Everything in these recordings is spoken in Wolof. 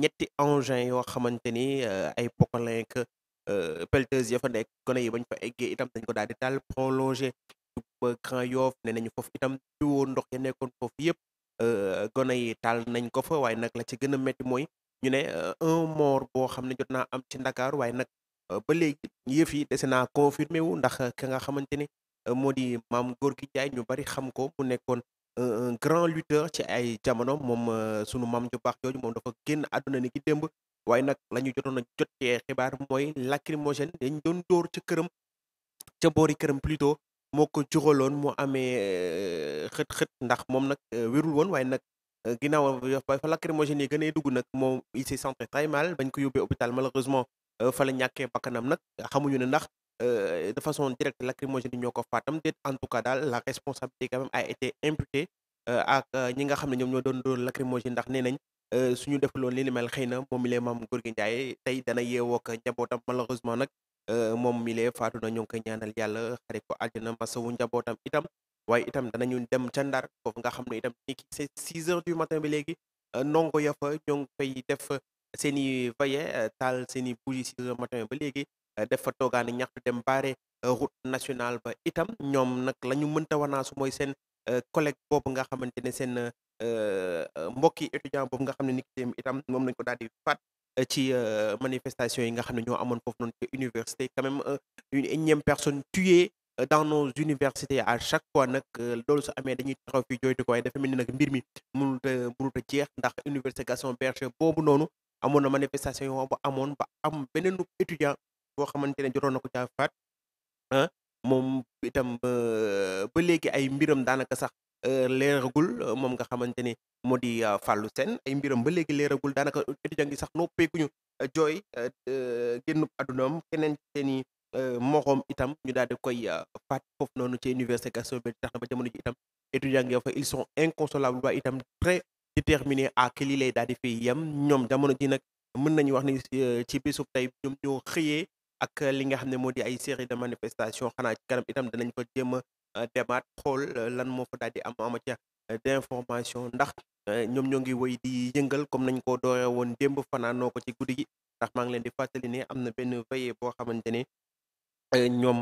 ñetti engin yoo xamante ni euh, ay pocalin que euh, pelleteuse ya fa nekk gone yi bañ fa eggee itam dañ ko daal di taal prolongé ba Grand ne nañu foof itam tuwo ndox ya nekkoon foofu yëpp euh, gone yi taal nañ ko fa waaye nag la ci gën a métti mooy ñu ne un mort boo xam ne jot naa am ci Ndakaar waaye nag ba léegi yëf yi dese naa confirmé wu ndax ki nga xamante ni moo di maam góor gi jaay ñu bari xam ko mu nekkoon un un grand lutteur ci ay jamono moom euh, sunu maam ju baax jooju moom dafa génn àdduna ni ki démb waaye nag la ñu jotoon a jot ci xibaar mooy lacrymogène dañ doon dóor ca këram ca boori këram plutôt moo ko juraloon moo amee euh, xët xët ndax moom nag euh, wérul woon waaye nag ginnaaw ba fa lacrymogène yi gënee dugg nag moom il s'est senti très mal bañ ko yóbbee hôpital malheureusement fa la ñàkkee bakkanam nag xamuñu ne ndax Euh, de façon directe lacrymogène ñoo ko faatam déet en tout cas daal la responsabilité quand même a été imputée euh, ak euh, ñi nga xam ne ñoom ñoo doon doon lacrymogène ndax nee nañ suñu defaloon li ni mel xëy na moom mi lee maam Gorgui Ndiaye tey dana yeewoo ak njabootam malheureusement nag moom mi lee faatu na ñoo ngi koy ñaanal yàlla xare ko àjjana masawu njabootam itam waaye itam danañu dem ca Ndar foofu nga xam ne itam ni ki c'est six heures du matin ba léegi ndongo ya fa ñoo ngi koy def seen i veillée taal seen i bougie six ba léegi Eh, def fa toogaani ñaxtu dem baare eh, route nationale ba itam ñoom nag la ñu mënta wanaasu mooy seen eh, collègue boobu nga xamante ne seen mbokki étudiant boobu nga xam ne ni ki itam moom lañ ko daal di faat ci manifestation yi nga xam ne ñoo amoon foofu noonu ci université quand même une énième personne tuée dans nos universités à chaque fois nag loolu su amee dañuy taxaw fii ko waaye dafa mel ni nag mbir mi mënut a mënut a jeex ndax université Gaston Berger boobu noonu amoon na manifestation bu amoon ba am beneen étudiant boo xamante ne jotoon na ko caa faat ah, moom itam ba léegi ay mbiram daanaka sax euh, leeragul moom nga xamante ne moo di euh, Fallou Sène ay mbiram ba léegi leeragul daanaka étudiant gi sax noppeekuñu euh, jooy génnub addunaam keneen seeni moroom itam ñu daal di koy faat foofu noonu ci université Gaston Berger tax na ba jamono ji itam étudiants yi fa ils sont inconsolables ba itam très déterminés à que lii lay daal di fi yem ñoom jamono ji nag mën nañu wax ni ci bésub tey ñoom ñoo xëyee ak li nga xam ne moo di ay série de manifestation xanaa ci kanam itam danañ fa jéem a euh, demaat xool euh, lan moo fa daal di am en matière euh, d'information ndax ñoom ñoo ngi woy di yëngal comme nañ ko doore woon démb fanaanoo ko ci guddi gi ndax maa ngi leen di fàttali ne am na benn veillée boo xamante ne ñoom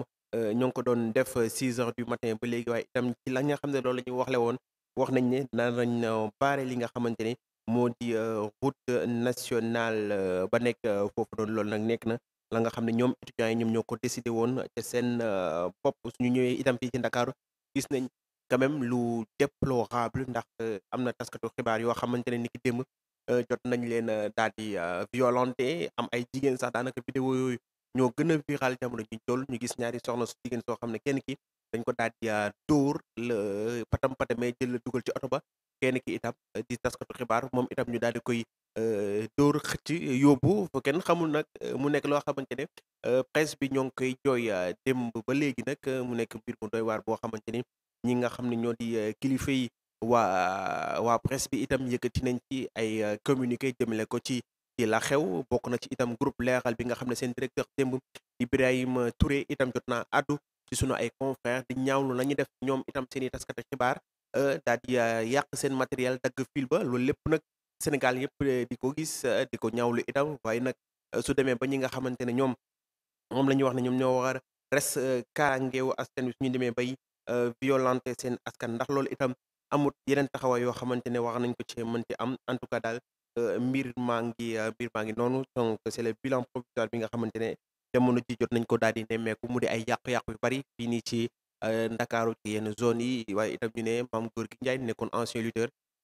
ñoo ngi ko doon def six heures du matin ba léegi waaye itam ci la nga xam ne loolu la ñu waxle woon wax nañ ne danañ baare li nga xamante ne moo di route nationale ba nekk foofu doon loolu nag nekk na la nga xam ne ñoom étudiants yi ñoom ñoo ko décidé woon te seen euh, bopp suñu ñëwee itam fii ci Ndakaaru gis nañ même lu déplorable ndax euh, am na taskatu xibaar yoo xamante ne ni ki démb euh, jot nañ leen daal di violenté am ay jigéen sax daanaka vidéo yooyu ñoo gën a viral jamono ñu toll ñu gis ñaari soxna su jigéen soo xam ne kenn ki dañ ko daal di dóor la patam patamee jël la dugal ci oto ba kenn ki itam di taskatu xibaar moom itam ñu daal di koy %e dóor xëcc yóbbu kenn xamul nag euh, mu nekk loo xamante ne %e presse bi ñoo ngi koy jooy %e ba léegi nag mu nekk mbir mu doy waar boo xamante ni ñi nga xam ne ñoo di %e kilifa yi waa waa presse :fra bi itam yëkkati nañ ci ay communiqué :fra jëmale ko ci ci la xew bokk na ci itam groupe Leral bi nga xam ne seen directeur :fra démb Ibrahima Touré itam jot naa addu ci sunu ay confrères di ñaawlu la ñu def ñoom itam seen i taskati xibaar %e daal di yàq seen matériel :fra dagg fil ba loolu lépp nag Sénégal yëpp eh, di ko gis eh, di ko ñaawlu itam waaye nag eh, su demee ba ñi nga xamante ne ñoom moom la ñuy wax ne ñoom ñoo war a res kaarangeewu askan wi su ñu demee bay violente seen askan ndax loolu itam amut yeneen taxawaay yoo xamante ne wax nañ ko ci mën ci am en tout cas daal mbir maa ngi mbir maa ngi noonu donc c'est le bilan provisoire bi nga xamante ne jamono ji jot nañ ko daal di nemmeeku mu di ay yàqu-yàqu yu bari fii nii ci Ndakaaru ci yenn zone yi waaye itam ñu ne maam góor gi Njaay nekkoon ancien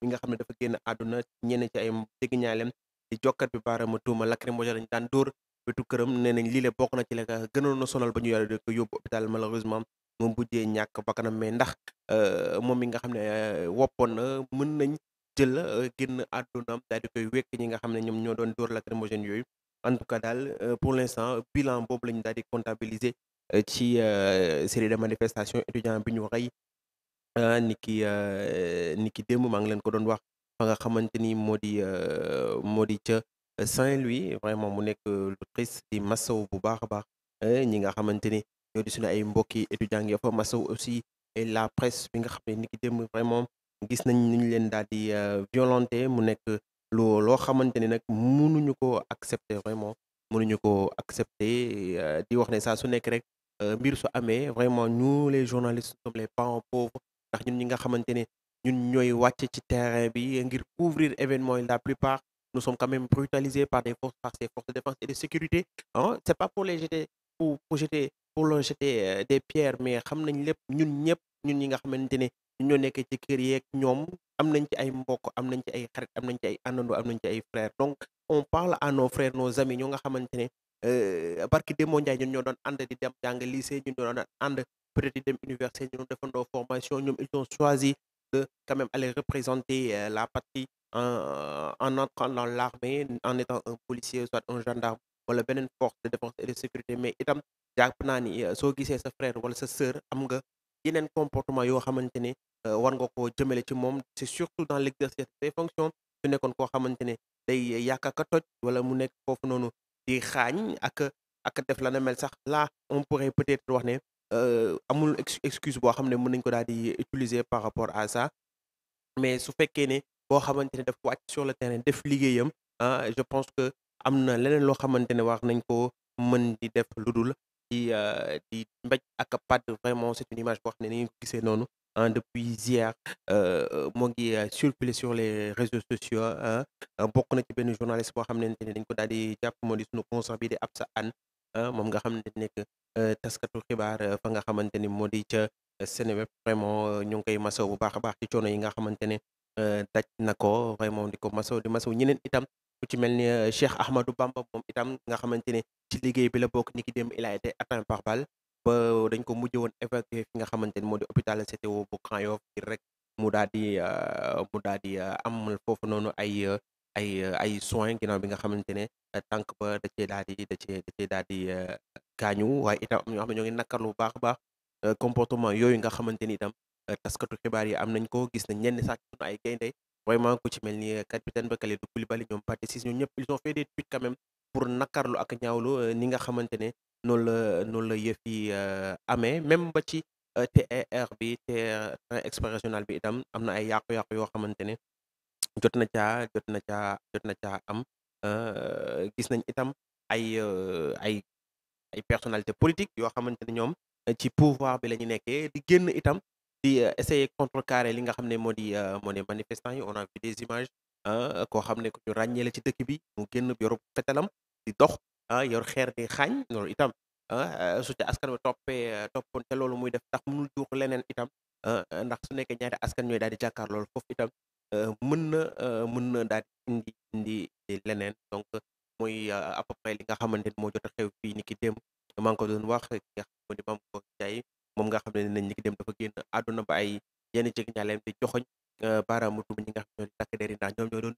mi nga xam ne dafa génn àdduna ñene ci ay dégg ñaaleem di jokkat bi baaraamu tuuma lacrymogène lañu daan dóor wetu këram nee nañ lii la bokk na ci la gënoon na sonal ba ñu yore ko yóbbu hôpital malheureusement moom bujjee ñàkk bakkanam mais ndax euh, moom mi nga xam ne euh, woppoon na mën nañ jël euh, génn àdduna daal di koy wekk ñi nga xam ne ñoom ñoo doon dóor lacrymogène yooyu en tout cas daal pour l'instant bilan boobu la ñu daal di comptabiliser ci série de manifestation étudiant bi ñu rey Heu, ah, niki %e, ah, niki démb maa ngi leen ko doon wax fa nga xamante ni moo di %e, moo di ca Saint-Louis vraiment mu nekk euh, lu triste di masawu bu baax a baax, heu, eh, ñi nga xamante ni ñoo di sunu ay mbokki étudiants ya fa masawu aussi et eh, la presse bi nga xam ne niki démb vraiment gis nañ ni ñu leen daal di %e violenter mu nekk lu loo xamante ni nag mënuñu koo accepter vraiment mënuñu ko accepter %e di wax ne saa su nekk rek, heu, mbir su amee vraiment ñu les journalistes nous sommes les ndax ñun ñi nga xamante ne ñun ñooy wàcc ci terrain bi ngir couvrir événement yi la plupart nous sommes quand même brutalisés par des forces par ces forces de défense et de sécurité ah c'est pas pour les jeter pour pour jeter pour leur euh, des pierres mais xam nañ lépp ñun ñëpp ñun ñi nga xamante ne ñoo nekk ci kër yeeg ñoom am nañ ci ay mbokk am nañ ci ay xarit am nañ ci ay àndandoo am nañ ci ay frères donc on parle à nos frères nos amis ñoo nga xamante ne euh, barki démb Ndiaye ñun ñoo doon ànd di dem jàng lycée ñun ñoo doon ànd peut-être di dem université ñu defandoo formation ñoom ils ont choisi de quand même aller représenter euh, la patrie en euh, en entrant dans l'armée en étant policier soit un gendarme wala beneen force de défense et de sécurité mais itam jàpp naa ni euh, soo gisee sa frère wala sa sœur am nga yeneen comportement yoo xamante ne war nga ko jëmale ci moom c'est surtout dans l'exercice des fonctions su nekkoon koo xamante ne day yàq wala mu nekk foofu noonu di xaañ ak ak def la na mel sax la on pourrait peut-être wax Euh, amul excuse boo xam ne mun nañ ko daal di utiliser par rapport à sa mais su fekkee ne boo xamante ne dafa wàcc sur le terrain def liggéeyam ah je pense que am na leneen loo xamante ne wax nañ ko mën di def lu dul di euh, di mbéj ak pad vraiment c'est une image boo xam ne ni ñu ko gisee noonu ah, depuis hier euh, moo ngi circuler sur les réseaux sociaux ah, ah, bokk na ci benn journaliste boo xamante ne dañ ko daal di jàpp moo di sunu concert bi di Absa Anne Ah, moom nga xam ne nekk eh, taskatu xibaar eh, fa nga xamante ni moo di ca Seneweb vraiment eh, ñu ngi koy masaw bu baax a baax ci coono yi nga xamante ne daj na ko vraiment di ko masaw di masaw ñeneen itam ku ci mel ni Cheikh Ahmadou Bamba moom itam nga xamante ne ci liggéey bi la bokk ni ki démb il a été atteint par balle dañ ko mujj woon évacué fi nga xamante ni moo di hôpital CTO bu Grand Yoff rek mu daal di mu daal di amal foofu noonu ay ay euh, ay soins ginnaaw bi nga xamante ne euh, tànk ba da cee daal di da cee da daal di euh, gaañu waaye itam ñoo xam ne ñoo ngi bu baax a baax comportement yooyu nga xamante ni itam taskatu xibaar yi am nañ ko gis nañ ñenn sax ay gaynde vraiment ku ci mel ni capitaine ba Kalidou Koulibaly ñoom Pathé ñëpp ils ont fait des tweets quand pour nakkarlu ak ñaawlu ni nga xamante ne noonu la noonu la yëf yi amee même ba ci e bi te train bi itam am na ay yàqu-yàqu yoo xamante ne jot na caa jot na caa jot na caa am gis nañ itam ay ay ay personnalité politique yoo xamante ne ñoom ci pouvoir bi la ñu nekkee di génn itam di essayer contrecarrer li nga xam ne moo di moo di manifestants yi on a vu des images koo xam ne ko ci ràññee la ci dëkk bi mu génn yoru fetalam di dox ah, yor xeer di xaañ loolu itam su ca askan wi toppee toppoon ca loolu muy def ndax mënul juux leneen itam ndax su nekkee askan ñooy daal di jàkkaar loolu itam Euh, mën na euh, mën na daal indi indi leneen donc mooy euh, à peu près li nga xamante ni moo jot a ni ki démb maa ngi ko doon wax ki nga xam ne maam ko jaay moom nga xam ne nañ ni ki démb dafa génn àdduna ba ay yenn jëgi ñaaleem di joxoñ baaraamu tuuma ñi nga xam ne ñoo takk der yi ndax ñoom ñoo doon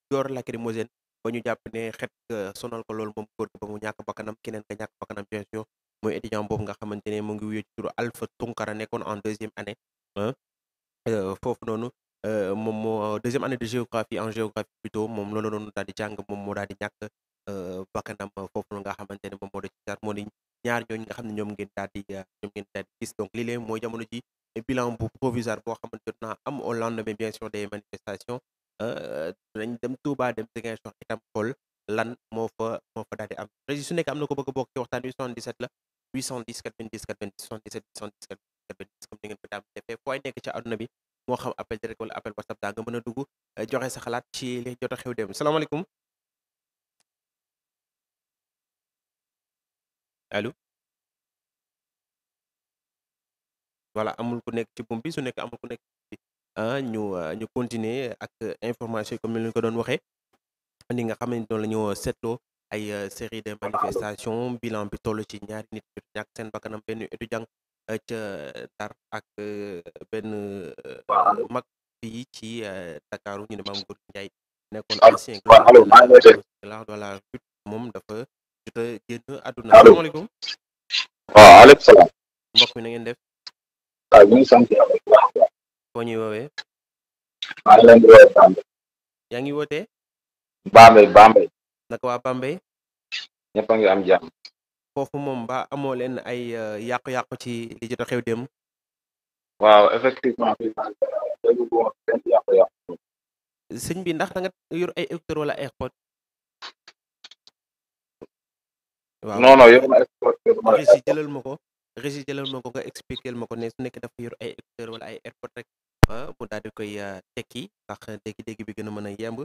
ñu jàpp ne xet sonal ko loolu moom góor gi ba mu ñàkk bakkanam keneen ka ñàkk bakkanam bien sûr mooy étudiant boobu nga xamante ne mu ngi wuyoo nekkoon en deuxième année foofu noonu Heu, moom mo euh, deuxième année de géographie en géographie plutôt moom loolu la doon daal moom moo daal di ñàkk, heu, bakkanam foofu noonu nga xamante ñaar ñooñu nga xam ne ñoom ngeen daal di euh, ñoom ngeen daal di gis donc lii lee mooy jamono ji bilan bu provisoire boo xamante jot naa am au lendemain bien sûr des manifestations, heu, dinañ dem Touba dem Ziguinchor itam xool lan moo fa moo fa daal am. Régis su nekk am na ku bëgg a bokk ci waxtaan wi 77 la 810 90 90 77 810 90 90 comme ni ngeen ko daan defee fu waay nekk ci àdduna bi. moo xam appel direct wala appel whatsapp daa nga mën a eh, joxe sa xalaat ci li jot xew dem salaamaaleykum allo voilà amul ku nekk ci buum bi su nekk amul ku nekk ah, ñu ah, ñu continuer ak eh, information yi comme ni ko doon waxee ni nga xam ne noonu la ñu eh, seetloo ay série de manifestation bilan bi toll ci ñaari nit ñu ñàkk seen bakkanam benn étudiant Heu, ca ak heu, benn, Waaw. mag fii ci, heu, Ndakaaru ñu ne Mame Gor Ndiaye nekkoon Al ancien grand allo de maa la moom dafa jot a génn àdduna. Allo. aleykum salaam. Mbokk mi na ngeen def? waaw ñu ngi sant Yàlla bu baax a baax. Foo ñuy woowee? Maa ngi leen di ngi am jàmm. foofu moom ba amoo leen ay euh, yàqu-yàqu ci li jot a xew dem waaw effectivement sëñ bi ndax da nga yor ay écouteur wala ay AirPods waaw non non yor na Régis jëlal ma ko Régis jëlal ma ko nga ma ko ne su nekk dafa yor ay écouteur ay AirPods rek ah, mu daal di koy euh, tekki ndax dégg-dégg bi gën a mën a yemb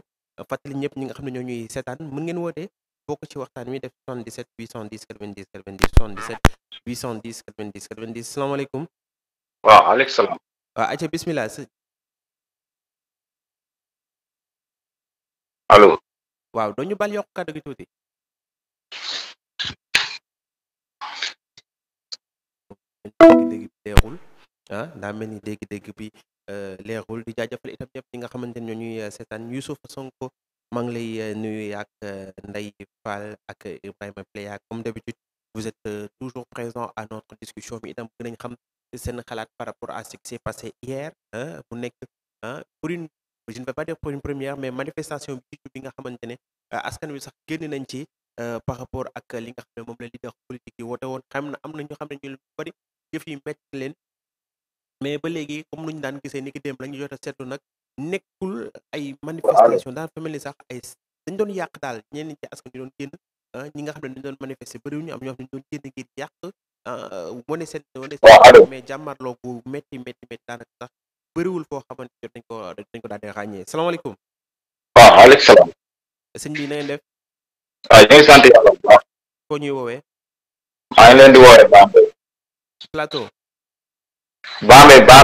fàttali ñëpp ñi nga xam ne ñoo ñuy seetaan mën ngeen woote bokk ci waxtaan wi def 77 810 90 90 77 810 90 90 salaamaaleykum. waaw aleykum salaam. waaw acca bisimilah. allo. waaw doo ñu bal yokk kàddu gi tuuti. dégg-dégg bi leerul ah, daa mel ni dégg-dégg bi euh, leerul di jaajëfal itam ñëpp ñi nga xamante ne ñoo ñuy euh, seetaan Youssouf Sonko. maa ngi lay euh, nuyu ak euh, Ndeye Fall ak Ibrahima Pleya comme d'habitude vous êtes euh, toujours présent à notre discussion bi itam bëgg nañ xam seen xalaat par rapport à ce qui s'est hier mu nekk pour une je ne première mais manifestation bi ci nga xamante ne askan wi sax génn nañ ci par rapport ak li nga xam ne moom la leader politique yi woote woon xam na am na ñoo xam ne ñu bari jëf yi metti leen mais ba léegi comme nuñu daan gisee ni ki dem la ñu jot a seetlu nekkul ay manifestation daal fa mel ni sax ay dañ doon yàq daal ñenn ñi ci askan ñu doon génn ah, ñi nga xam ne dañ doon manifester bëriwu ñu am ñoo xam ne ñu doon génn ngir yàq ah, wane seen wane seen mais jàmmarloo bu métti métti métti daanaka sax bëriwul foo xamante jot nañ ko dañ ko daal di ràññee salaamaaleykum waaw aleykum salaam na ngeen def waaw ñu ngi sant yàlla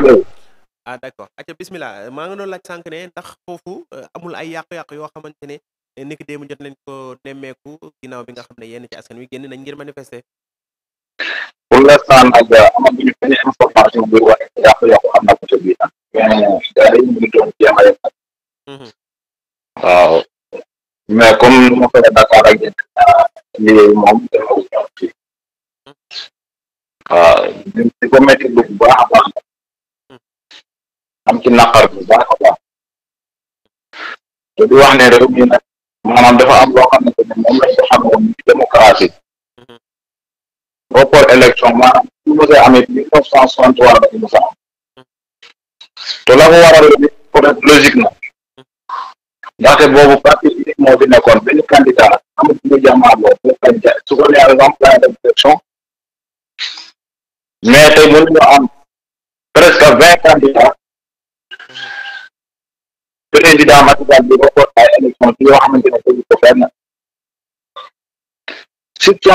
bu ah d' accord acca bismillah maa nga doon laaj sànq ne ndax foofu eh, amul ay yàqu-yàqu yoo xamante ne eh, ni ki démb jot nañ ko nemmeeku ginnaaw bi nga xam ne yenn ci wi génn nañ ngir manifester eh, na côté bii nag mm-hmm. waaw mais comme nu ma Dakar ak waaw ci naqar bu baax a te di wax ne réew mi nag maanaam dafa am loo xamante ne moom lañ ko xam woon ci démocratie report élection maanaam su ma waral peut na ndaxte boobu parti moo fi nekkoon benn candidat amul ñu jàmmaarloo pour kañ su ko neexee remplacer la élection mais tey mënuñu am presque vingt candidats président Macky Sall bi bokkoon ay élection yoo xamante ne tegu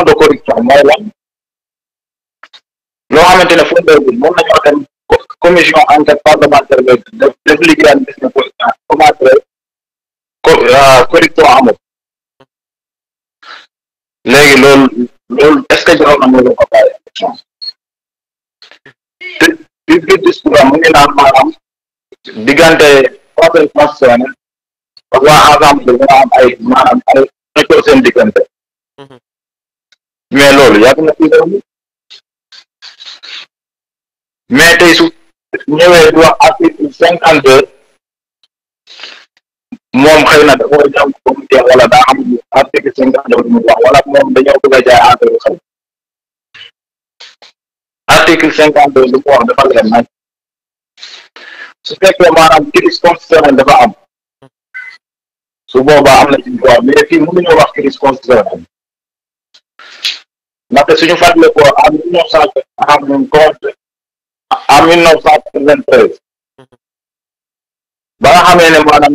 de corruption mooy lan loo xamante ne fondeur bi moom nañu waxtaan commission enquête parlementaire bi def ko commencé euh, corruption amul léegi loolu loolu est ce que jaroon na mu ko bàyyi diggante problème constitutionnel ak waa ensemble bi am ay maanaam seen diggante mais loolu yàgg na ci mais tey su ñëwee di wax article cinquante deux moom xëy na dafa jàng ko mu jeex wala moom dañoo bëgg a jaay affaire xel article cinquante deux lu wax dafa leer nag su fekkee maanaam crise constitutionnelle dafa am su boobaa am na ci droit mais fii mënuñoo wax crise constitutionnelle ndaxte suñu fàttali ko en mille neuf cent en mille neuf cent quatre-vingt-treize ba nga xamee ne maanaam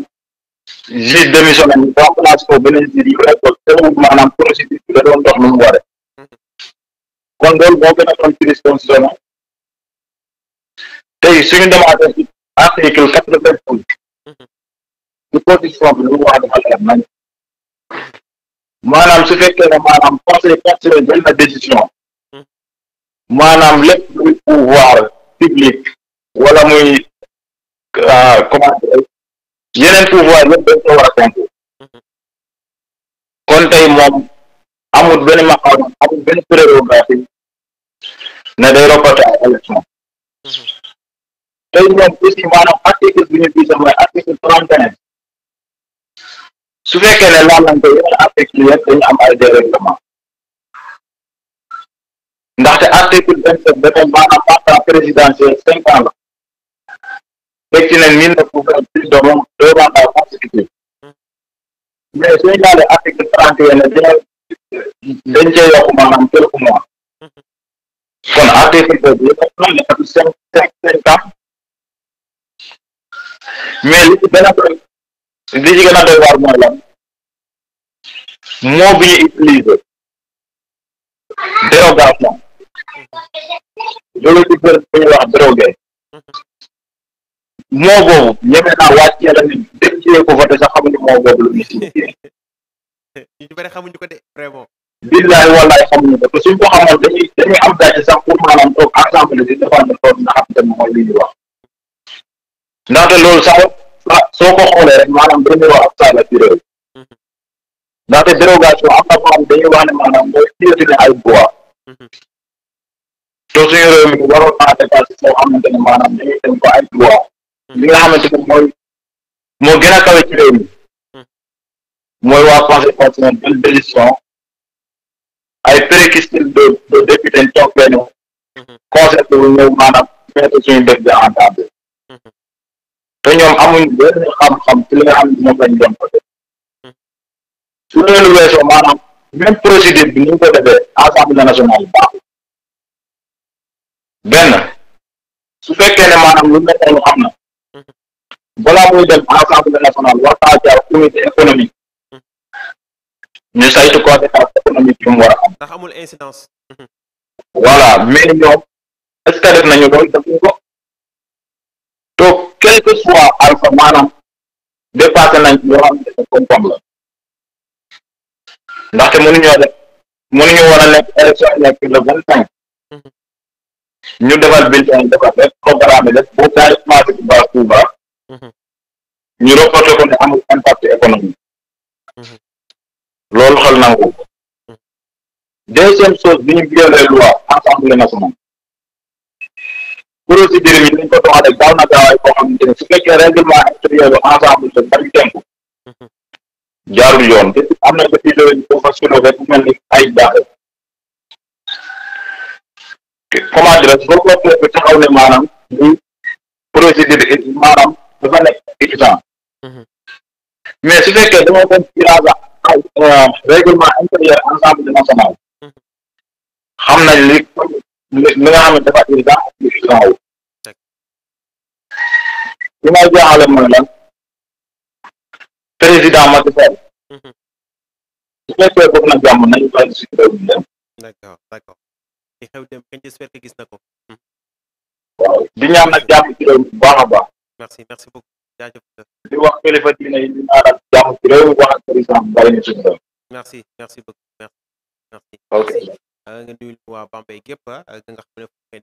juge démissionné ñu remplace ko beneen juge yu rek ko teewul maanaam procédure bi da doon dox nu mu waree kon loolu boo gën a doon crise constitutionnelle tey suñu demaatee article quatre-vingt-douze mhm. ci condition bi lu mu wax dafa leer nañ maanaam su fekkee ne maanaam conseil constitutionnel na décision mhm. maanaam lépp luy pouvoir public wala muy euh, comment dire yeneen pouvoir yëpp war a tënk mhm. kon tey moom amul benn maqaam amul benn prérogative ne day reporter ay élection tey ñoom aussi maanaam article bi ñu biisal mooy article trente et su fekkee ne laal nañ ko yeneen article yëpp dañu am ay dérèglement ndaxte article vingt sept dafay maanaam mandat présidentiel cinq ans la teg ne mille ne pour plus de deux mandats consécutifs mais suñu laalee article trente et un ne dañu dañ cee yokk maanaam quelques mm-hmm. kon article boobu yëpp na cinq cinq cinq ans mais li ci gën a li ci gën a doy waar mooy lan moo bi ñu utiliser dérogation loolu ci kër bu ñuy wax drogué moo boobu ñeme naa wàccee la ni dem ci ko voté sax xamuñu moo boobu lu ñu signifié ñu bari xamuñu ko xamuñu ko suñ ko xamoon dañuy dañuy am daje sax pour maanaam toog assemblée di défendre toog nga xam te mooy li wax ndaxte loolu saa soo ko xoolee rek maanaam dañuy wax ak saa la ci réew mhm. ndaxte dérogation am na foo xam dañuy wax ne maanaam mooy ay droit te mhm. suñu réew mi waroon naa dépassé soo xamante ne maanaam dañuy dem ko ay droit mhm. li nga xamante ne mooy moo gën a kawe ci réew mi mooy waa conseil constitutionnel jël décision ay prérequis de de député toog benn conseil bu ñëw maanaam mettre suñu def bi en table te ñoom amuñ benn li nga xam lañ doon ko def su loolu bi ni ñu ko defee assemblée nationale su fekkee ne maanaam lu mel noonu am na balaa muy dem assemblée nationale war naa jaar comité économique ñu saytu conséquence économique yi mu war a am. ndax amul incidence. voilà mais ñoom est def nañu loolu defuñ ko quel que soit alpha maanaam dépassé nañ la ndaxte mënuñoo def mënuñu war a nekk élection nekk le vingt cinq mhm. ñu defal bulletin defal def programme def boo taay commencé ci base Touba mhm. ñu reporté ko ne amul impact économique mhm. loolu xel nangu ko deuxième chose bi ñu violer loi assemblée dugal si biir yi dañ ko doxalee gaaw na gaawaay boo xamante ne su fekkee règlement intérieur bi ensemble la bari temp mhm. jaarul yoon te am na depuis loolu ñu ko fas yéene rek mu mel ni ay baax comment dire procureur bi taxaw ne maanaam ñu procédure maanaam dafa nekk urgent mhm. mais su fekkee dama dem tirage euh, règlement intérieur ensemble national mhm. xam nañ li li nga xam ne dafa urgent ak urgent wu li may jaaxale mooy lan président Macky Sall mhm. su fekkee na jàmm nañu bàyyi si réew mi dem d'accord d'accord di gis na ko mhm. waaw di ñaan nag jàmm ci réew baax a baax merci merci beaucoup jaajëf di wax kilifa diine yi di ñaanal jàmm ci réew mi wax ak président merci merci beaucoup merci merci ok euh, nga nuyul waa Bambey gépp ah, nga xam ne